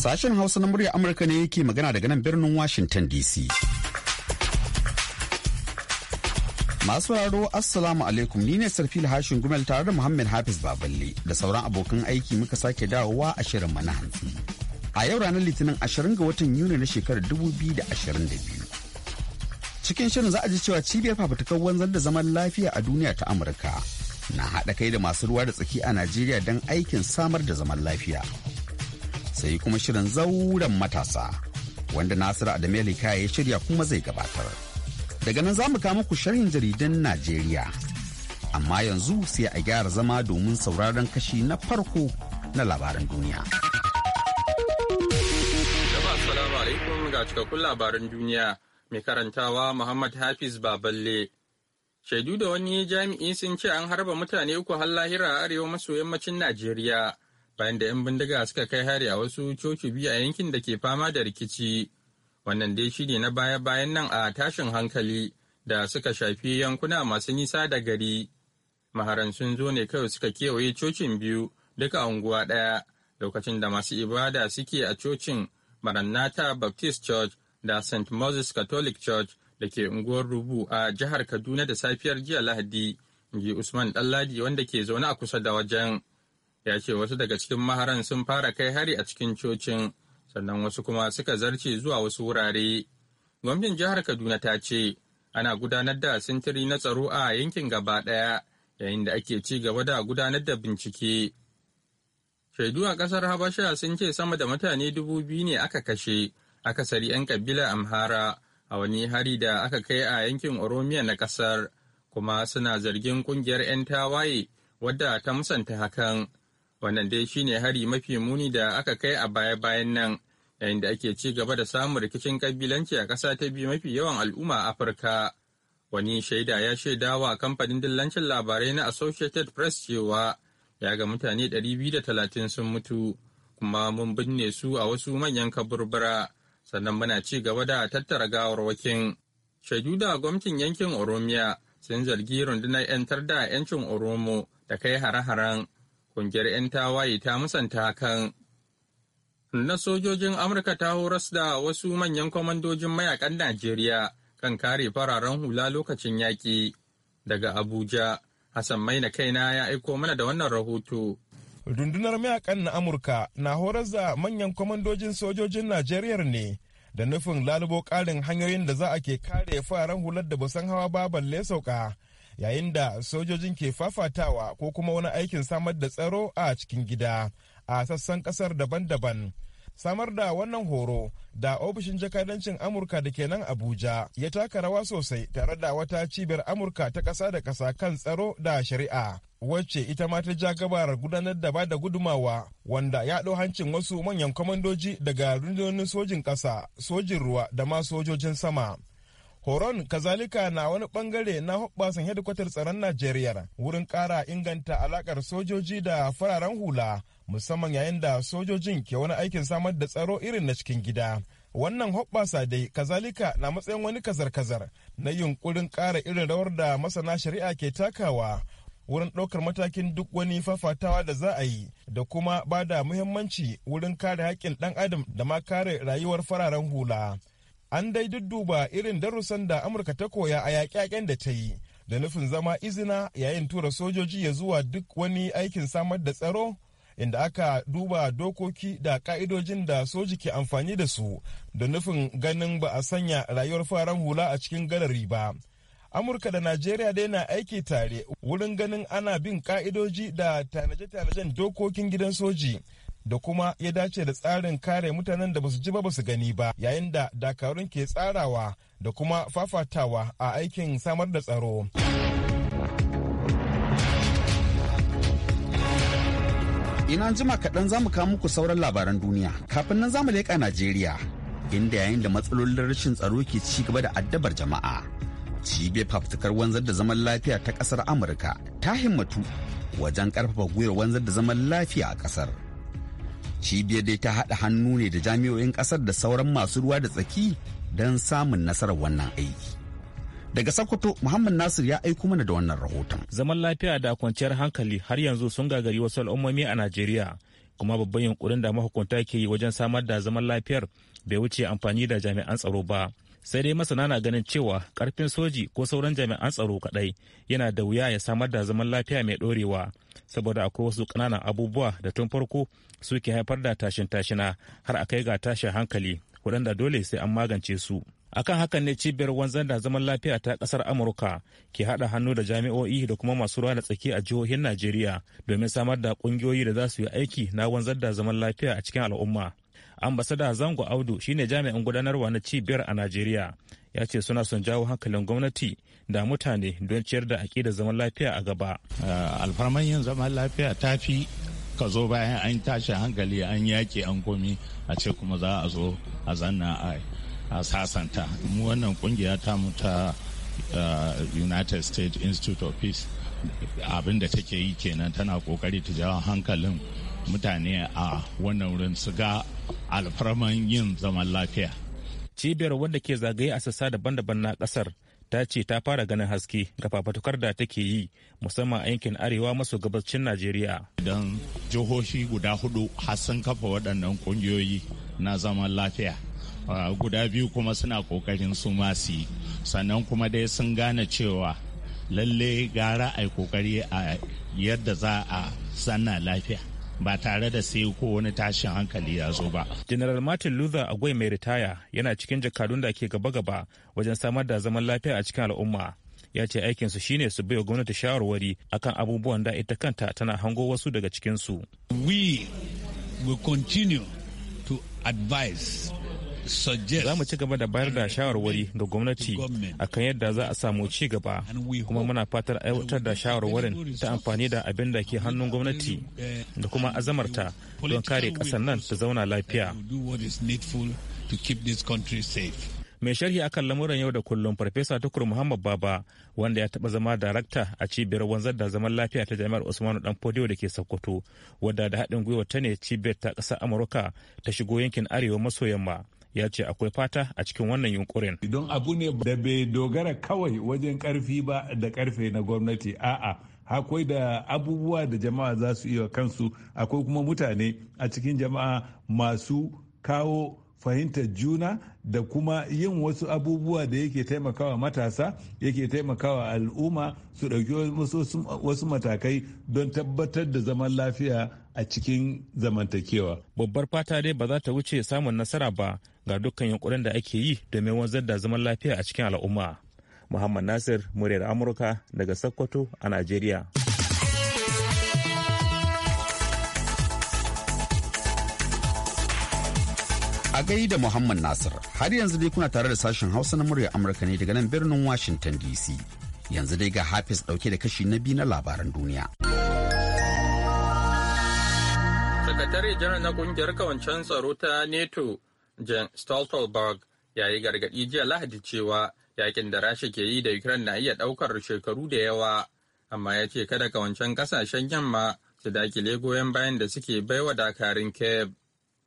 Sashen Hausa na murya Amurka ne yake magana daga nan birnin Washington DC. Masu sauraro Assalamu alaikum ni ne Sarfil Hashin Gumel tare da Muhammad Hafiz Baballe da sauran abokan aiki muka sake dawowa a shirin mana hantsi. A yau ranar Litinin 20 ga watan Yuni na shekarar 2022. Cikin shirin za a ji cewa cibiyar fafutukar wanzar da zaman lafiya a duniya ta Amurka na haɗa kai da masu ruwa da tsaki a Najeriya don aikin samar da zaman lafiya. sai kuma shirin zauren matasa wanda Nasiru Adameli ya shirya kuma zai gabatar. Daga nan za mu kama ku sharhin jaridan Najeriya. Amma yanzu sai a gyara zama domin sauraron kashi na farko na labaran duniya. Assalamu alaikum ga cikakkun labaran duniya mai karantawa Muhammad Hafiz Baballe. Shaidu da wani jami'i sun ce an harba mutane uku har lahira a arewa maso yammacin Najeriya bayan da 'yan bindiga suka kai hari a wasu coci biyu a yankin da ke fama da rikici wannan dai shine na baya-bayan nan a tashin hankali da suka shafi yankuna masu nisa da gari maharan sun zo ne kawai suka kewaye cocin biyu duka unguwa ɗaya lokacin da masu ibada suke a cocin maranata baptist church da st moses catholic church da ke unguwar rubu a jihar kaduna da safiyar jiya lahadi ji usman ɗanladi wanda ke zaune a kusa da wajen ya ce wasu daga cikin maharan sun fara kai hari a cikin cocin sannan wasu kuma suka zarce zuwa wasu wurare gwamnatin jihar kaduna ta ce ana gudanar da sintiri na tsaro a yankin gaba ɗaya yayin da ake ci gaba da gudanar da bincike shaidu a ƙasar habasha sun ce sama da mutane dubu biyu ne aka kashe akasari 'yan kabila amhara a wani hari da aka kai a yankin oromiya na ƙasar kuma suna zargin ƙungiyar 'yan tawaye wadda ta musanta hakan wannan dai shine hari mafi muni da aka kai a baya-bayan nan yayin da ake ci gaba da samun rikicin kabilanci a ƙasa ta biyu mafi yawan al'umma a afirka wani shaida ya shaida wa kamfanin dillancin labarai na associated press cewa ya ga mutane 230 sun mutu kuma mun binne su a wasu manyan kaburbura sannan muna ci gaba da tattara gawarwakin shaidu da gwamnatin yankin oromiya sun zargi rundunar 'yantar da 'yancin oromo da kai hare-haren kungiyar 'yan tawaye ta musanta kan Na sojojin Amurka ta horas da wasu manyan kwamandojin mayakan Najeriya kan kare fararen hula lokacin yaƙi. Daga Abuja, Hassan na kaina ya aiko mana da wannan rahoto. Rundunar mayakan na Amurka na horas da manyan kwamandojin sojojin Najeriya ne da nufin lalubo ƙarin hanyoyin da za a ke kare fararen hular da ba san hawa ba balle sauka. yayin da sojojin ke fafatawa ko kuma wani aikin samar da tsaro a cikin gida a sassan kasar daban-daban samar da wannan horo da ofishin jakadancin amurka da ke nan abuja ya taka rawa sosai tare da wata cibiyar amurka ta kasa da kasa kan tsaro da shari'a wacce ita ma ta ja gabarar gudanar da ba da gudumawa wanda ya ɗau hancin wasu manyan kwamandoji daga rundunonin sojin ƙasa sojin ruwa da ma sojojin sama Horon kazalika na wani bangare na hoɓɓasan hedikwatar tsaron Najeriya wurin kara inganta alaƙar sojoji da fararen hula musamman yayin da sojojin ke wani aikin samar da tsaro irin na cikin gida. Wannan hoɓɓasa dai kazalika na matsayin wani kazar-kazar na yunkurin kara irin rawar da masana shari'a ke takawa wurin ɗaukar matakin duk wani fafatawa da za a yi da kuma ba da muhimmanci wurin kare haƙƙin ɗan adam da ma kare rayuwar fararen hula. an dai dudduba irin darussan da amurka ta koya a yaƙe da ta yi da nufin zama izina yayin tura sojoji ya zuwa duk wani aikin samar da tsaro inda aka duba dokoki da ka'idojin da soji ke amfani da su da nufin ganin ba a sanya rayuwar farar hula a cikin galari ba amurka da najeriya dai na aiki tare wurin ganin ana bin ka'idoji da tanaje-tanajen dokokin gidan soji da kuma ya dace da tsarin kare mutanen da basu ji ba su gani ba yayin da dakarun ke tsarawa da kuma fafatawa a aikin samar da tsaro. Ina jima kaɗan za mu kawo muku sauran labaran duniya kafin nan za mu leƙa Najeriya inda yayin da matsalolin rashin tsaro ke ci gaba da addabar jama'a. Cibiyar fafutukar wanzar da zaman lafiya ta ƙasar Amurka ta himmatu wajen ƙarfafa gwiwar wanzar da zaman lafiya a ƙasar. cibiyar dai ta haɗa hannu ne da jami'o'in ƙasar da sauran masu ruwa da tsaki don samun nasarar wannan aiki daga sokoto muhammad nasir ya aiko mana da wannan rahoton zaman lafiya da kwanciyar hankali har yanzu sun gagari wasu al'ummomi a najeriya kuma babban yunkurin da mahukunta ke yi wajen samar da zaman lafiyar bai wuce amfani da jami'an tsaro ba sai dai masana na ganin cewa karfin soji ko sauran jami'an tsaro kadai yana da wuya ya samar da zaman lafiya mai dorewa saboda akwai wasu ƙananan abubuwa da tun farko suke haifar da tashin tashina har a kai ga tashin hankali waɗanda dole sai an magance su akan hakan ne cibiyar wanzan da zaman lafiya ta ƙasar amurka ke haɗa hannu da jami'o'i da kuma masu ruwa da tsaki a jihohin najeriya domin samar da ƙungiyoyi da za su yi aiki na wanzan da zaman lafiya a cikin al'umma ambasada zango audu shine jami'in gudanarwa na cibiyar a najeriya ya ce suna son jawo hankalin gwamnati da mutane don ciyar da aƙidar zaman lafiya a gaba eh, alfarman yin zaman lafiya ta fi ka zo bayan an tashi hankali an yaƙi an komi a ce kuma za a zo a zanna a sasanta mu wannan kungiya ta ta eh, united states institute of peace abin da take yi kenan tana kokari ta jawo hankalin mutane a wannan wurin su ga alfarman yin zaman lafiya. Cibiyar wadda ke zagaye a sassa daban-daban na kasar ta ce ta fara ganin haske ga fafatukar da take yi musamman a yankin arewa maso gabashin Najeriya. Idan jihohi guda hudu har sun kafa waɗannan ƙungiyoyi na zaman lafiya. guda biyu kuma suna ƙoƙarin su masu sannan kuma dai sun gane cewa lalle gara a yi kokari a yadda za a sanna lafiya ba tare da sai ko wani tashin hankali ya zo ba. General Martin Luther Agwai mai ritaya yana cikin jakadun da ke gaba-gaba wajen samar da zaman lafiya a cikin al'umma. Ya ce aikinsu shine su baiwa gwamnati shawarwari akan abubuwan da ita kanta tana hango wasu daga cikinsu. We will continue to advise za mu ci gaba da bayar da shawarwari ga gwamnati akan yadda za a samu ci gaba kuma muna fatar aiwatar da shawarwarin ta amfani da abin da ke hannun gwamnati eh, da kuma azamarta don kare ƙasar nan ta zauna lafiya mai sharhi akan lamuran yau da kullum farfesa tukur muhammad baba wanda ya taba zama darakta a cibiyar wanzar da zaman lafiya ta jami'ar usmanu dan fodiyo da ke sokoto wadda da haɗin gwiwa ta ne cibiyar ta ƙasar amurka ta shigo yankin arewa maso yamma ya ce akwai fata a cikin wannan yunkurin. Don abu ne da bai dogara kawai wajen karfi ba da karfe na gwamnati a'a akwai da abubuwa da jama'a za su iya kansu akwai kuma mutane a cikin jama'a masu kawo fahimtar juna da kuma yin wasu abubuwa da yake taimakawa matasa yake taimakawa al'umma su ɗauki wasu matakai don tabbatar da zaman lafiya a cikin zamantakewa. Babbar fata dai ba za ta wuce samun nasara ba ga dukkan yankunan da ake yi domin wanzar da zaman lafiya a cikin al'umma. Muhammad Nasir, muryar Amurka daga Sokoto a Najeriya. A gai da Muhammad Nasir, har yanzu dai kuna tare da sashen Hausa na muryar Amurka ne daga nan birnin Washington DC. Yanzu dai ga Hafiz dauke da kashi na biyu na labaran duniya. sakatare janar na kungiyar kawancen tsaro ta neto Jen Stoltenberg, ya yi gargaɗi jiya Lahadi cewa yakin da Rasha ke yi da Ukraine na iya ɗaukar shekaru da yawa, amma ya ce kada kawancen ƙasashen yamma su dakile goyon bayan da suke baiwa dakarin Kiev.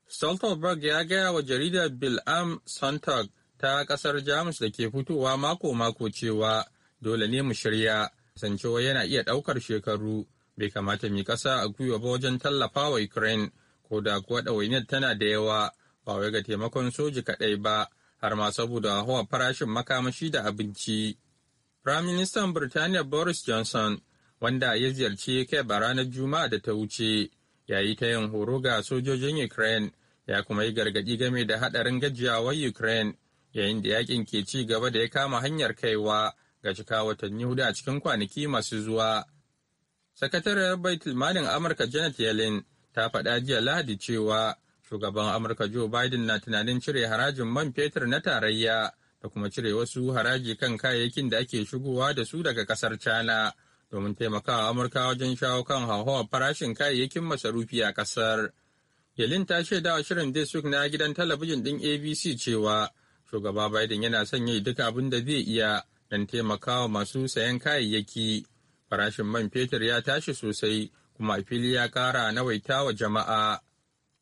Stoltenberg ya gaya wa jaridar Bil'am Sontag ta ƙasar Jamus da ke fitowa mako-mako cewa dole ne mu shirya, sancewa yana iya ɗaukar shekaru bai kamata mai kasa a gwiwa ba wajen tallafa wa Ukraine ko da kuwa ɗawainiyar tana da yawa ba wai ga taimakon soji kaɗai ba har ma saboda hawa farashin makamashi da abinci. Firaministan Birtaniya Boris Johnson wanda ya ziyarci kai ba ranar Juma'a da ta wuce ya yi ta yin horo ga sojojin Ukraine ya kuma yi gargaɗi game da haɗarin gajiyawa Ukraine yayin da yakin ke ci gaba da ya kama hanyar kaiwa ga cika watanni hudu a cikin kwanaki masu zuwa. Sakatariyar Baitul Malin Amurka Janet Yellen ta faɗa jiya Lahadi cewa shugaban Amurka Joe Biden na tunanin cire harajin man fetur na tarayya da kuma cire wasu haraji kan kayayyakin da ake shigowa da su daga kasar China domin taimakawa Amurka wajen shawo kan hauhawar farashin kayayyakin masarufi a kasar. Yelin ta shaidawa shirin This na gidan talabijin ɗin ABC cewa shugaba Biden yana son yi duk abin da zai iya don taimakawa masu sayan kayayyaki farashin man fetur ya tashi sosai kuma a fili ya kara nawaita wa jama'a.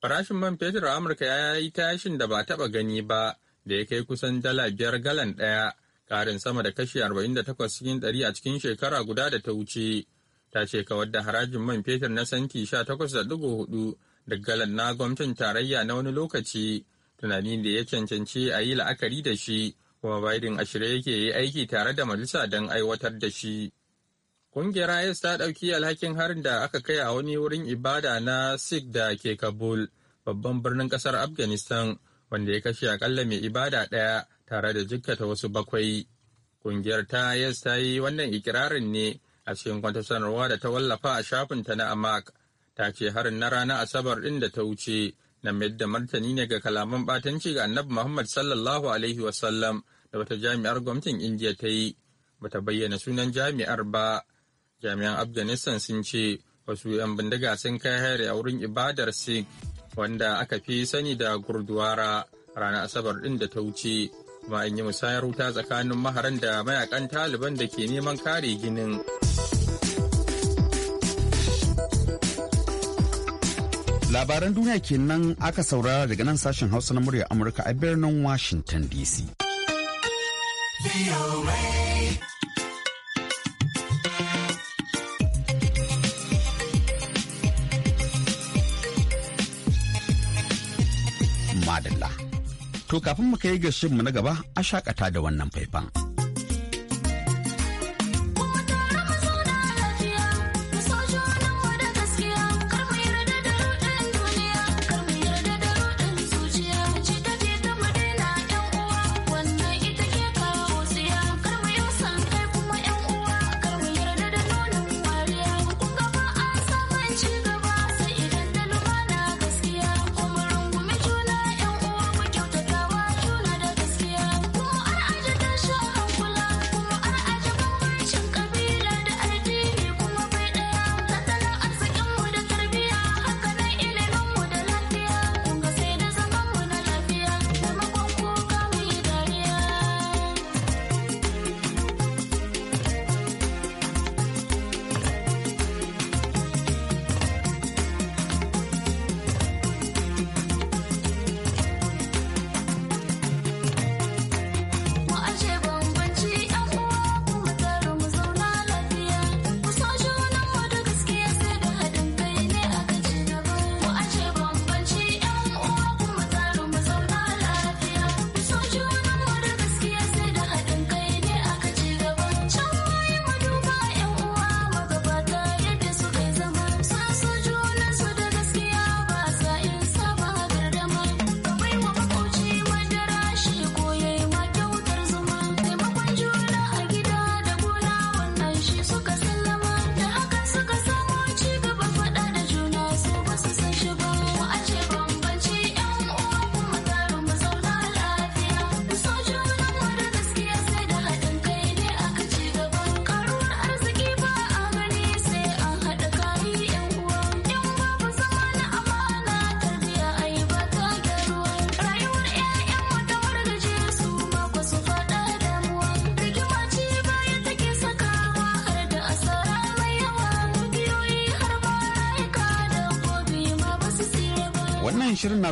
Farashin man fetur a Amurka ya yi tashin da ba taɓa gani ba da ya kai kusan dala biyar galan ɗaya, ƙarin sama da kashi arba'in da takwas cikin ɗari a cikin shekara guda da ta wuce. Ta ce kawar da harajin man fetur na santi sha takwas da dubu hudu da galan na gwamnatin tarayya na wani lokaci tunanin da ya cancanci a yi la'akari da shi kuma Biden a shirye yake yi aiki tare da majalisa don aiwatar da shi. Ƙungiyar IS ta ɗauki alhakin harin da aka kai a wani wurin ibada na Sikh da ke Kabul, babban birnin ƙasar Afghanistan, wanda ya kashe aƙalla mai ibada ɗaya tare da jikkata wasu bakwai. Ƙungiyar ta IS ta yi wannan ikirarin ne a cikin kwanta sanarwa da ta wallafa a shafinta na Amak. Ta ce harin na ranar Asabar ɗin da ta wuce na mayar da martani ne ga kalaman ɓatanci ga Annabi Muhammad sallallahu alaihi wasallam da wata jami'ar gwamnatin Indiya ta yi. Bata bayyana sunan jami'ar ba. jami'an afghanistan sun ce wasu 'yan bindiga sun kai hari a wurin ibadar sikh wanda aka fi sani da gurdwara ranar asabar din da ta wuce kuma an yi musayar wuta tsakanin maharan da mayakan taliban da ke neman kare ginin labaran duniya kenan aka saurara daga nan sashen hausa na murya amurka a birnin washington dc To kafin mu kai ga mu na gaba a shakata da wannan faifan.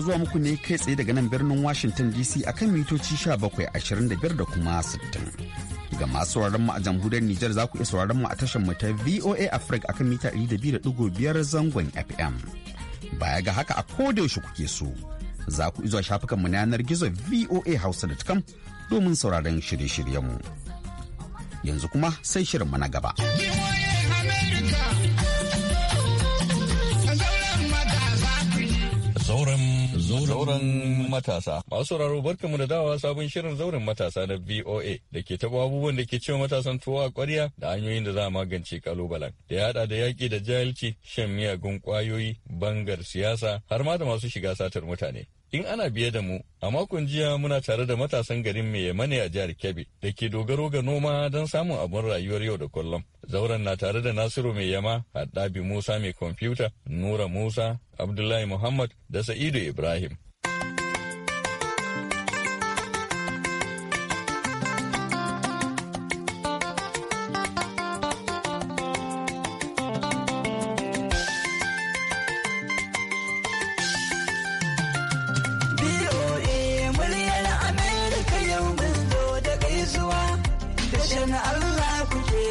zuwa muku ne kai tsaye daga nan birnin Washington DC akan mitoci 1725 da kuma 60. Ga masu sauraron mu a jamhuriyar Nijar za ku iya sauraron mu a tashar mu ta VOA Africa akan mita 200.5 zangon FM. Baya ga haka a yaushe kuke so. Za ku zuwa shafukanmu na yanar gizo voahouse.com domin sauraron shirye shiryen mu Yanzu kuma sai shirin na gaba. Zauren matasa. Masu sauraro barka mu da dawa sabon shirin zauren matasa na VOA da ke taɓa abubuwan da ke cewa matasan tuwa a ƙwarya da hanyoyin da za a magance kalubalen. Da ya haɗa da yaƙi da jahilci, shan miyagun ƙwayoyi, bangar siyasa har ma da masu shiga satar mutane. in ana biye da mu a makon jiya muna tare da matasan garin mai yamane a jihar kebbi da ke dogaro ga noma don samun abin rayuwar yau da kullum zauren na tare da nasiru mai yama haddabi musa mai kwamfuta nura musa abdullahi muhammad da sa'idu ibrahim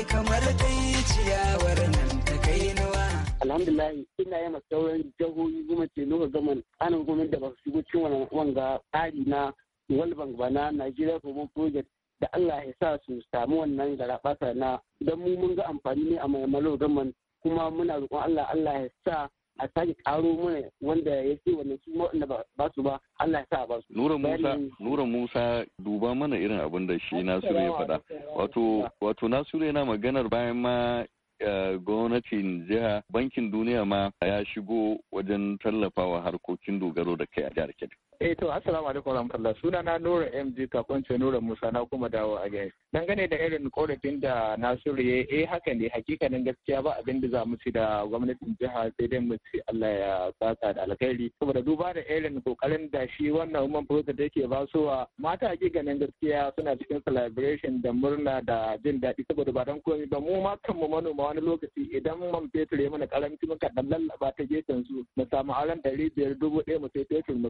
kamar dai ciyawar nan ta kai nawa. Alhamdulillah ina yama sauran jihohi kuma ce nuka gaman gwamnati da ba su shigo cikin wanga tsari na World Bank ba na Nigeria Project da Allah ya sa su samu wannan garabasa na don mu mun ga amfani ne a maimalo gaman kuma muna roƙon Allah Allah ya sa a sake karo mana wanda ya ce wani su waɗanda ba su ba Allah ya sa ba su. Nura Musa, Nura Musa duba mana irin abin da shi Nasiru ya faɗa. Wato Nasiru yana maganar bayan ma gwamnatin jiha bankin duniya ma ya shigo wajen tallafawa harkokin dogaro da kai a jihar Kebbi. Eh to assalamu alaikum warahmatullah suna na Nura MG kwance Nura Musa na kuma dawo a gari. Dangane da irin korafin da Nasiru ya eh haka ne hakikanin gaskiya ba abin da zamu ci da gwamnatin jiha sai dai mu ci Allah ya saka da alkhairi saboda duba da irin kokarin da shi wannan woman da yake ba suwa mata hakikanin gaskiya suna cikin celebration da murna da jin daɗi saboda ba dan komai ba mu ma kanmu manoma wani lokaci idan man fetur ya mana karamci muka dan lallaba ta gefen su mu samu aran ɗari dubu ɗaya mu sai fetur mu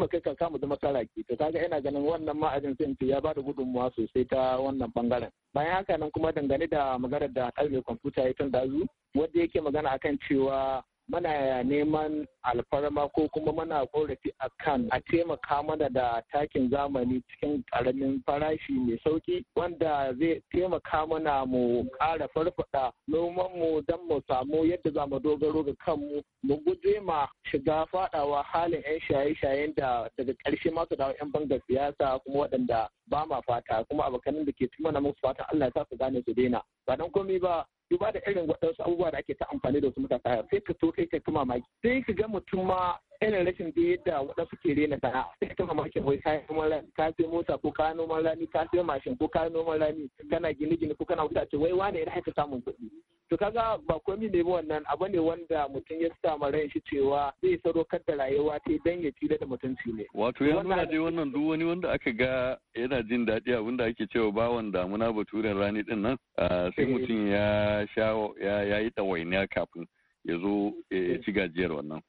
kuma kai kan samu zama masaraki to kaga ina ganin wannan ma'ajin sai ya ba da gudunmuwa sosai ta wannan bangaren bayan haka nan kuma dangane da maganar da kalme kwamfuta ya tun dazu wanda yake magana akan cewa mana neman alfarma ko kuma muna korafi a kan a taimaka mana da takin zamani cikin karamin farashi mai sauƙi, wanda zai taimaka mana mu ƙara farfada nomanmu don mu samu yadda za mu dogaro ga kanmu mu guje ma shiga fadawa halin 'yan shaye-shayen da daga ƙarshe masu dawo 'yan banga siyasa kuma waɗanda ba ma fata kuma abokanin da ke cimma na musu fatan Allah ya sa su gane su daina ba don komai ba duba da irin waɗansu abubuwa da ake ta amfani da wasu matasa sai ka so kai ka kuma maki sai ka ga mutum ma irin rashin da yadda waɗansu ke rena sana'a sai kuma mamakin wai kayan noman rani ka sai mota ko kayan noman rani ka sai mashin ko kayan noman rani kana gine gine ko kana wuta ce wai wane ya haka samun kuɗi to kaga ba komi ne ba wannan abu ne wanda mutum ya samu ran shi cewa zai sadaukar da rayuwa ta dan ya tsira da mutunci ne wato ya nuna dai wannan duk wani wanda aka ga yana jin daɗi abinda ake cewa bawan damuna baturen rani din nan sai eh. mutum ya sha ya yi ɗawainiya kafin ya zo ya ci gajiyar wannan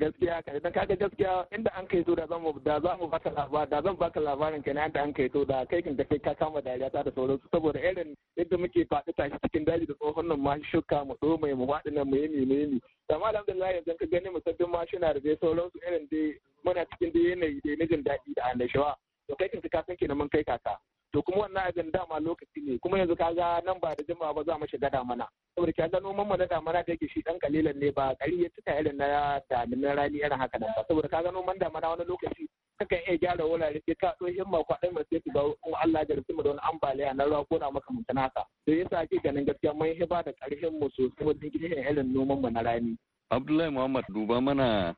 gaskiya ka idan kaga gaskiya inda an kai to da zan da za mu baka labarin da zan baka labarin kai inda an kai to da kai kin da kai ka kama dariya ta da sauransu saboda irin yadda muke faɗi tashi cikin daji da tsohon nan mashi shuka mu ɗo mai mu faɗi nan mu yi mu yi amma alhamdulillah yanzu ka gani mu sabbin mashina da dai su irin dai muna cikin dai yanayi dai na jin daɗi da annashawa to kai kin ka san kenan mun kai kaka to kuma wannan abin dama lokaci ne kuma yanzu ka ga nan ba da jimawa ba za mu shiga damana saboda kaga noman mu na damana da yake shi dan kalilan ne ba kari ya cika irin na na rani irin haka nan ba saboda kaga noman damana wani lokaci kakan iya gyara wurare sai ka so himma ko dai mace ku ga in Allah ya jarfi mu da wani ambaliya na ruwa ko na maka mutuna ka to yasa ake ganin gaskiya mun hiba da karfin mu sosai wajen gidan irin noman mu na rani Abdullahi Muhammad duba mana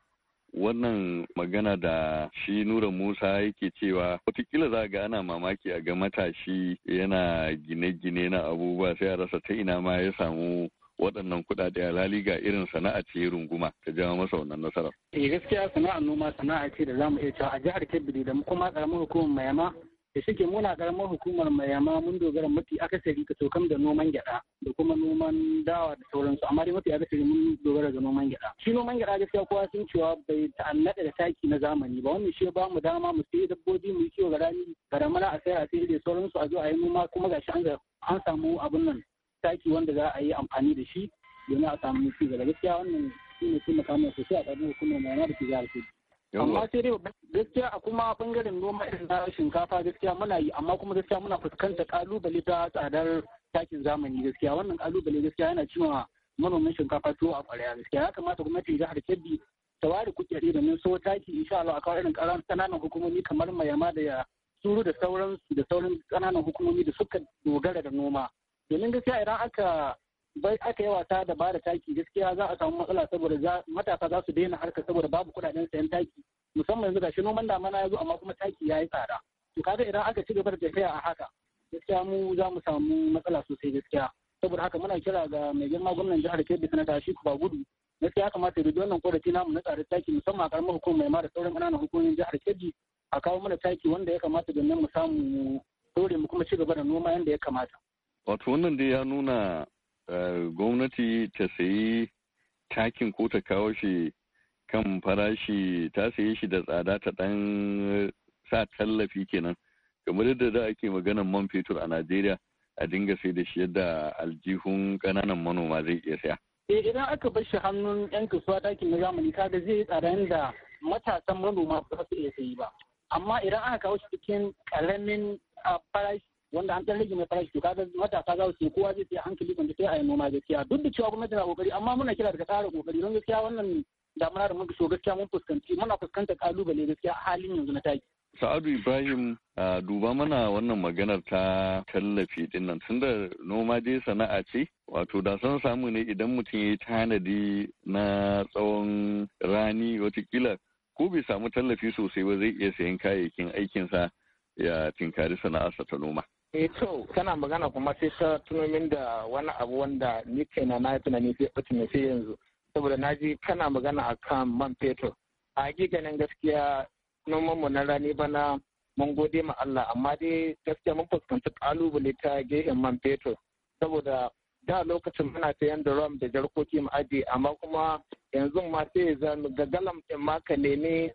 wannan magana da shi nura musa yake cewa watakila za ga ana mamaki a ga matashi yana gine-gine na abubuwa sai a rasa ta ina ma ya samu waɗannan kuɗaɗe a ga irin sana'a ce runguma ta jawo masa wannan nasarar. Eh gaskiya sana'ar noma sana'a ce da zamu iya cewa a jihar Kebbi da kuma karamar hukumar Mayama da suke muna karamar hukumar mai yamma mun dogara mafi akasari ka tokam da noman gyada da kuma noman dawa da sauransu amma dai mafi akasari mun dogara da noman gyada shi noman gyada gaskiya kowa sun cewa bai ta'annada da taki na zamani ba wannan shi ba mu dama mu sayi dabbobi mu yi kiwo ga rani a sayar a sayar da sauransu a zo a yi noma kuma gashi shi an samu abun nan taki wanda za a yi amfani da shi domin a samu ci gaba gaskiya wannan shi ne sun makamai sosai a ƙarƙashin hukumar mai yamma da ke jihar amma sai dai gaskiya a kuma bangaren noma irin na shinkafa gaskiya muna yi amma kuma gaskiya muna fuskantar kalubale ta tsadar takin zamani gaskiya wannan kalubale gaskiya yana cewa manoman shinkafa tuwo a kwarya gaskiya ya kamata gwamnatin jihar Kebbi ta ware kuɗi domin so taki insha Allah a kawai irin ƙaran ƙananan hukumomi kamar Mayama da ya Suru da sauran da sauran ƙananan hukumomi da suka dogara da noma domin gaskiya idan aka bai aka yi wasa da bada taki gaskiya za a samu matsala saboda matasa za su daina harka saboda babu kudaden sayan taki musamman yanzu gashi noman damana ya zo amma kuma taki ya yi tsada to kaga idan aka ci gaba da tafiya a haka gaskiya mu za mu samu matsala sosai gaskiya saboda haka muna kira ga mai girma gwamnan jihar Kebbi sanata shi ba gudu gaskiya ya kamata ya wannan korafi namu na tsare taki musamman a karamar hukumar mai da sauran ƙananan hukumomin jihar Kebbi a kawo mana taki wanda ya kamata domin mu samu mu dore mu kuma ci gaba da noma yadda ya kamata. Wato wannan dai ya nuna Eh, gwamnati ta sayi takin ko ta kawo shi kan farashi ta saye shi da tsada ta dan sa tallafi kenan kamar yadda da ake maganan man fetur a najeriya a dinga sai da shi yadda aljihun kananan manoma zai iya saya eh, idan aka bar shi hannun yan kasuwa dakin na zamani kaga zai yi tsada yadda matasan manoma ba su iya sayi ba amma idan aka kawo shi cikin karamin ah, farashi wanda an rage mai farashi to kaga matasa za su kowa zai sai hankali kwanta sai a yi noma gaskiya duk da cewa gwamnati na kokari amma muna kira daga tsara kokari don gaskiya wannan damuna da muka so gaskiya mun fuskanci muna fuskantar kalubale gaskiya a halin yanzu na taki. Sa'adu Ibrahim duba mana wannan maganar ta tallafi dinnan tunda noma dai sana'a ce wato da san samu ne idan mutum ya yi tanadi na tsawon rani watakila ko bai samu tallafi sosai ba zai iya sayan kayayyakin aikinsa ya tinkari sana'arsa ta noma. E to kana magana kuma sai ta tunomin da wani abu wanda ni kaina na yi tunani sai ɓace mai sai yanzu saboda na ji kana magana a kan man fetur. A ganin gaskiya nomanmu na rani bana mun gode ma Allah amma dai gaskiya mun fuskanci kalubale ta gehen man fetur saboda da lokacin muna sayan da ram da jarkoki mu aje amma kuma yanzu ma sai ga galam din ma ka nemi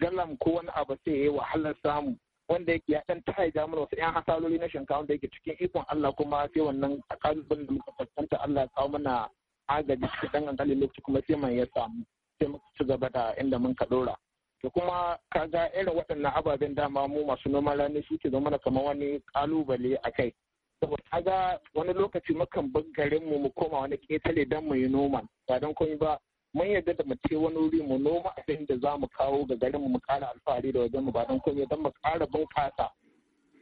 galam ko wani abu sai yayi wahalar samu wanda yake ya ɗan ta ja mana wasu yan hasaloli na shinkawa da yake cikin ikon Allah kuma sai wannan kalubalen da muka fuskanta Allah ya kawo mana agaji cikin ɗan kankalin lokaci kuma sai man ya samu sai muka ci gaba da inda mun ka ɗora. da kuma kaga irin waɗannan ababen dama mu masu noman rani suke zama mana kamar wani ƙalubale a kai saboda kaga wani lokaci mukan bar garin mu mu koma wani ƙetare don mu yi noma ba don komai ba mun yarda da mace wani wuri mu noma a abin da za mu kawo ga garin mu kara alfahari da wajen mu ba don komai don mu kara bunƙasa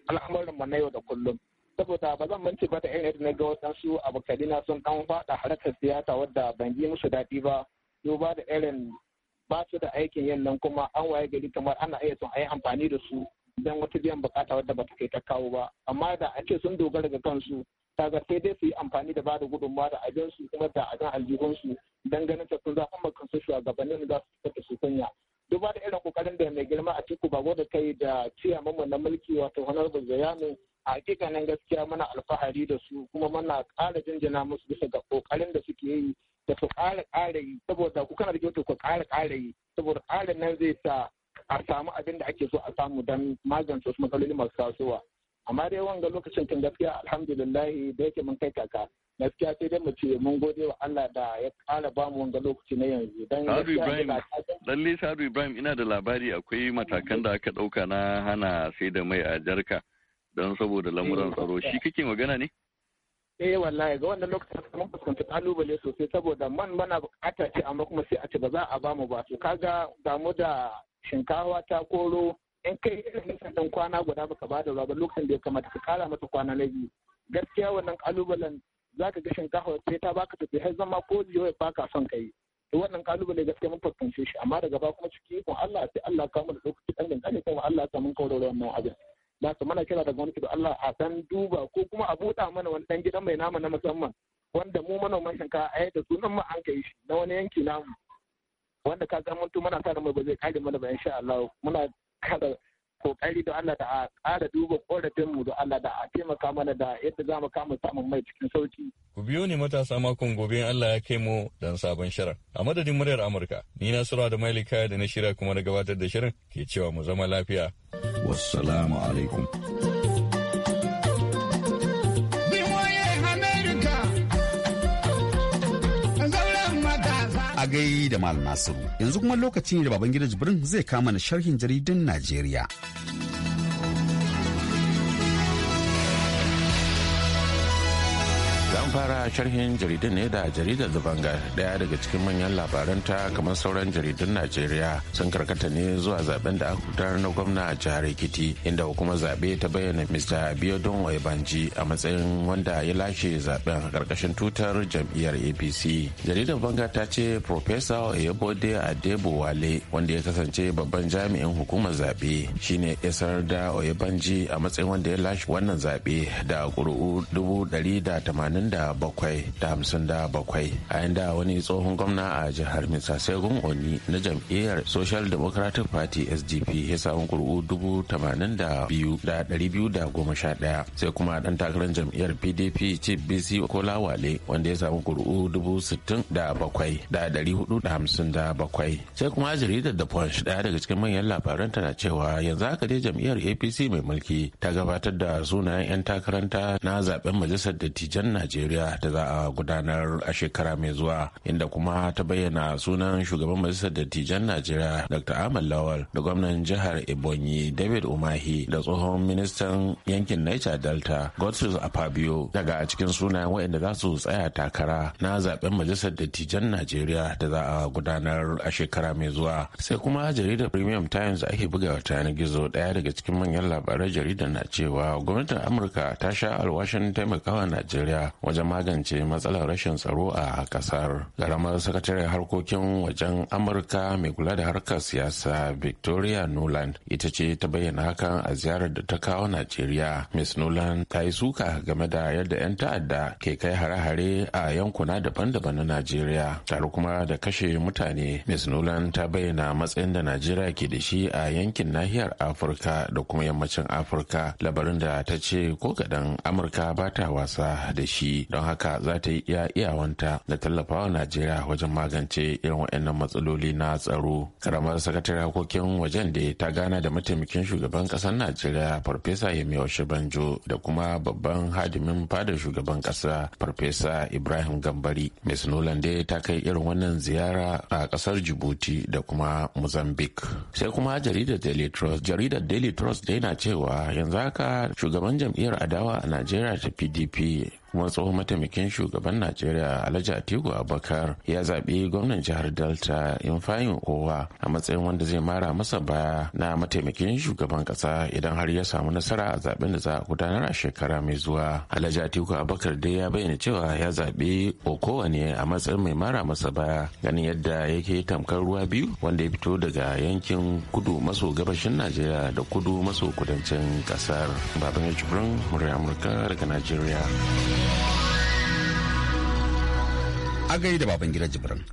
al'amuran mu na yau da kullum saboda ba zan mance ba da yan yadda na ga waɗansu abokanina sun ɗan faɗa harkar siyasa wadda ban yi musu daɗi ba ba da irin ba su da aikin yin nan kuma an waye gari kamar ana iya son a yi amfani da su don wata biyan bukata wadda ba ta kai ta kawo ba amma da ake sun dogara ga kansu kaga sai dai su yi amfani da bada gudunmawa da abin su kuma da kan aljihun su dan ganin ta sun zafin makan su shugabannin da su fita da su sanya duba da irin kokarin da mai girma a cikin bago da kai da ciya mu na mulki wato honorable zayano a nan gaskiya muna alfahari da su kuma muna ƙara jinjina musu bisa ga kokarin da suke yi da su ƙara ƙara yi saboda ku kana da kyautu ku ƙara ƙara yi saboda ƙarin nan zai sa a samu abin da ake so a samu don magance wasu matsaloli masu tasowa amma dai wanga lokacin kan gaskiya alhamdulillah da yake mun kai kaka gaskiya sai dai mu ce mun gode wa Allah da ya kara bamu wanga lokaci na yanzu dan lalle Sadu Ibrahim ina da labari akwai matakan da aka dauka na hana sai da mai a jarka don saboda lamuran eh, tsaro shi kake magana ne eh wallahi ga wannan lokacin mun fuskanci kalubale sosai saboda man mana bukata ce amma kuma sai a ce ba za a bamu ba to kaga damu da shinkawa ta koro in kai irin sandan kwana guda baka ba da ba lokacin da ya kamata ka kara mata kwana na biyu gaskiya wannan kalubalen za ka ga shinkafa sai ta baka tafi har zama ko jiyo ya ka son kai to wannan kalubale gaskiya mun fuskance shi amma daga ba kuma ciki ko Allah sai Allah ka mu da lokaci dan dangane kuma Allah ya mun kaurara wannan abin da su mana kira daga wani da Allah a san duba ko kuma a buɗa mana wani dan gidan mai nama na musamman wanda mu manoman shinkafa a yadda sunan mu an kai shi na wani yanki namu wanda ka ga mun mana sa da mai ba zai kare mana ba insha Allah muna kada kokari da Allah da a ƙara duba mu da Allah da a taimaka mana da yadda za mu kama samun mai cikin sauki. Ku biyo ne matasa makon gobe in Allah ya kai mu dan sabon shirin. A madadin muryar Amurka, ni na Sura da Mailika da na shirya kuma na gabatar da shirin ke cewa mu zama lafiya. Wassalamu alaikum. gai da Mal Nasiru. Yanzu kuma lokaci ne da Babangida Jibrin zai kama na sharhin jaridun Najeriya. fara sharhin jaridun ne da jaridar the ɗaya daya daga cikin manyan ta kamar sauran jaridun najeriya sun karkata ne zuwa zaben da aka gudanar na gwamna a jihar ekiti inda hukumar zabe ta bayyana mr biodun waibanji a matsayin wanda ya lashe zaben a karkashin tutar jam'iyyar apc jaridar banga ta ce professor oyebode adebo wale wanda ya kasance babban jami'in hukumar zabe shine ya sanar da oyebanji a matsayin wanda ya lashe wannan zabe da ƙuri'u dubu dari da tamanin da da bakwai da a wani tsohon gwamna a jihar Mitsasegun Oni na jam'iyyar Social Democratic Party SDP ya samu kuri'u dubu sai kuma ɗan takarar jam'iyyar PDP Chief BC Kolawale wanda ya samu kuri'u 67,457 sai kuma jaridar da Punch ɗaya daga cikin manyan labaran tana cewa yanzu haka dai jam'iyyar APC mai mulki ta gabatar da sunayen 'yan takaranta na zaben majalisar dattijan Najeriya najeriya da za a gudanar a shekara mai zuwa inda kuma ta bayyana sunan shugaban majalisar dattijan najeriya dr ahmad lawal da gwamnan jihar ebonyi david umahi da tsohon ministan yankin niger delta godfrey apabio daga a cikin sunayen waɗanda za su tsaya takara na zaben majalisar dattijan najeriya da za a gudanar a shekara mai zuwa sai kuma jaridar premium times ake buga wata yanar gizo ɗaya daga cikin manyan labaran jaridar na cewa gwamnatin amurka ta sha alwashin taimakawa najeriya wajen wajen magance matsalar rashin tsaro a kasar karamar sakataren harkokin wajen amurka mai kula da harkar siyasa victoria Nuland ita ce ta bayyana hakan a ziyarar da ta kawo najeriya miss Nuland ta yi suka game da yadda 'yan ta'adda ke kai hare-hare a yankuna daban-daban na najeriya tare kuma da kashe mutane miss Nuland ta bayyana matsayin da najeriya ke da shi a yankin nahiyar afirka da kuma yammacin afirka labarin da ta ce ko kaɗan amurka ba ta wasa da shi don haka za ta yi iya iyawanta da tallafawa najeriya wajen magance irin waɗannan matsaloli na tsaro karamar sakatare harkokin wajen da ta gana da mataimakin shugaban ƙasar najeriya farfesa yemi banjo da kuma babban hadimin fadar shugaban ƙasa farfesa ibrahim gambari miss nolan ta kai irin wannan ziyara a ƙasar jibuti da kuma mozambique sai kuma jaridar daily trust jaridar daily trust dai na cewa yanzu haka shugaban jam'iyyar adawa a najeriya ta pdp kuma tsohon mataimakin shugaban najeriya alhaji atiku abubakar ya zaɓi gwamnan jihar delta infayin kowa a matsayin wanda zai mara masa baya na mataimakin shugaban ƙasa idan har ya samu nasara a zaɓen da za a gudanar a shekara mai zuwa alhaji atiku abubakar dai ya bayyana cewa ya zaɓi okowane a matsayin mai mara masa baya ganin yadda yake tamkar ruwa biyu wanda ya fito daga yankin kudu maso gabashin najeriya da kudu maso kudancin ƙasar. baban ya murya amurka daga najeriya Agai da baban gida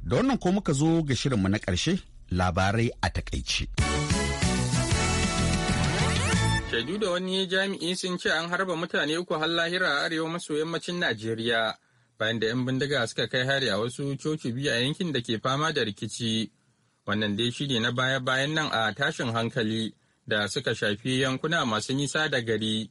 Da wannan ko muka zo ga shirinmu na ƙarshe labarai a takaici. Shaidu da wani jami'i sun ce an harba mutane uku har lahira a arewa maso yammacin Najeriya bayan da 'yan bindiga suka kai hari a wasu coci biyu a yankin da ke fama da rikici. Wannan dai shi ne na baya-bayan nan a tashin hankali da suka shafi yankuna masu nisa da gari.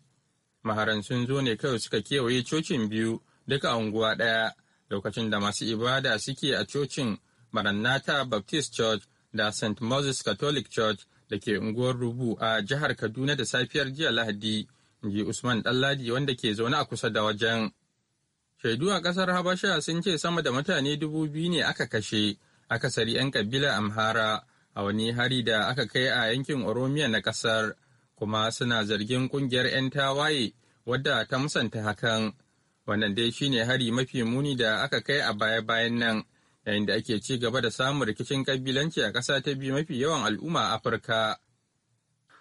maharan sun zo ne kawai suka kewaye cocin biyu duka unguwa ɗaya lokacin da masu ibada suke a cocin maranata baptist church da st moses catholic church da ke unguwar rubu a jihar kaduna da safiyar jiya lahadi ji usman ɗanladi wanda ke zaune a kusa da wajen shaidu a ƙasar habasha sun ce sama da mutane dubu biyu ne aka kashe akasari 'yan kabila amhara a wani hari da aka kai a yankin oromiya na ƙasar kuma suna zargin kungiyar 'yan tawaye wadda ta musanta hakan wannan dai shine hari mafi muni da aka kai a baya-bayan nan yayin da ake ci gaba da samun rikicin kabilanci a ƙasa ta biyu mafi yawan al'umma a afirka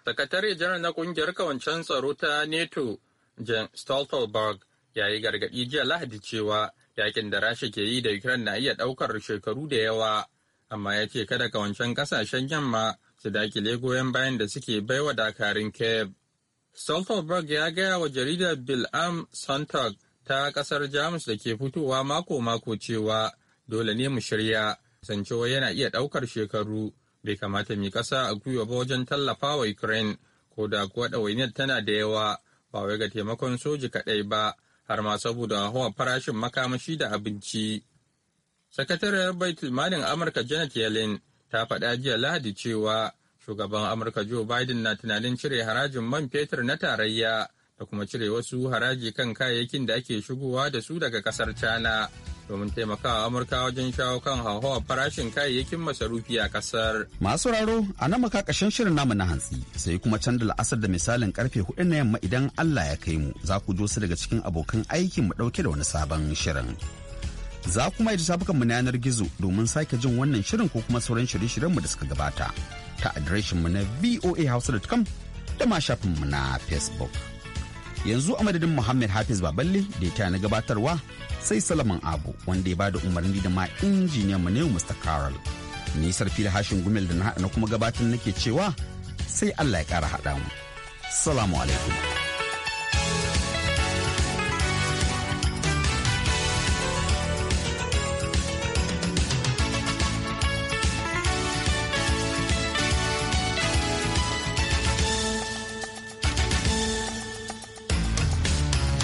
sakatare janar na kungiyar kawancen tsaro ta neto jan stoltenberg ya yi gargaɗi jiya lahadi cewa yakin da rasha ke yi da ukraine na iya ɗaukar shekaru da yawa amma ya ce kada kawancen ƙasashen yamma su dakile goyon bayan da suke baiwa dakarun Kiev. Stoltenberg ya gaya wa jaridar Bil'am Sontag ta kasar Jamus da ke fitowa mako-mako cewa dole ne mu shirya, sancewa yana iya ɗaukar shekaru, bai kamata mi kasa a gwiwa ba wajen tallafa wa Ukraine, ko da kuwa ɗawainiyar tana da yawa, ba wai ga taimakon soji kaɗai ba, har ma saboda hawa farashin makamashi da abinci. Sakatariyar Baitul Amurka Janet Yellen ta faɗa jiya Lahadi cewa shugaban amurka joe biden na tunanin cire harajin man fetur na tarayya da kuma cire wasu haraji kan kayayyakin da ake shigowa da su daga kasar china domin taimakawa amurka wajen shawo kan hauhawar farashin kayayyakin masarufi a kasar masu raro a nan makakashin shirin namu na hantsi sai kuma canza la'asar da misalin karfe hudu na yamma idan allah ya kai mu za ku jo su daga cikin abokan aikin mu dauke da wani sabon shirin Za kuma yi shafukanmu na yanar gizo domin sake jin wannan shirin ko kuma sauran shirye-shiryenmu da suka gabata ta adireshinmu na voahouse.com da ma shafinmu na Facebook. Yanzu a madadin Muhammad Hafiz Baballe da ya na gabatarwa sai Salaman Abu wanda ya bada umarni da ma injiniyan mu ne Mr. Carol. Ni sarfi da hashin gumel da na haɗa kuma gabatar nake cewa sai Allah ya kara haɗa mu. Salamu alaikum.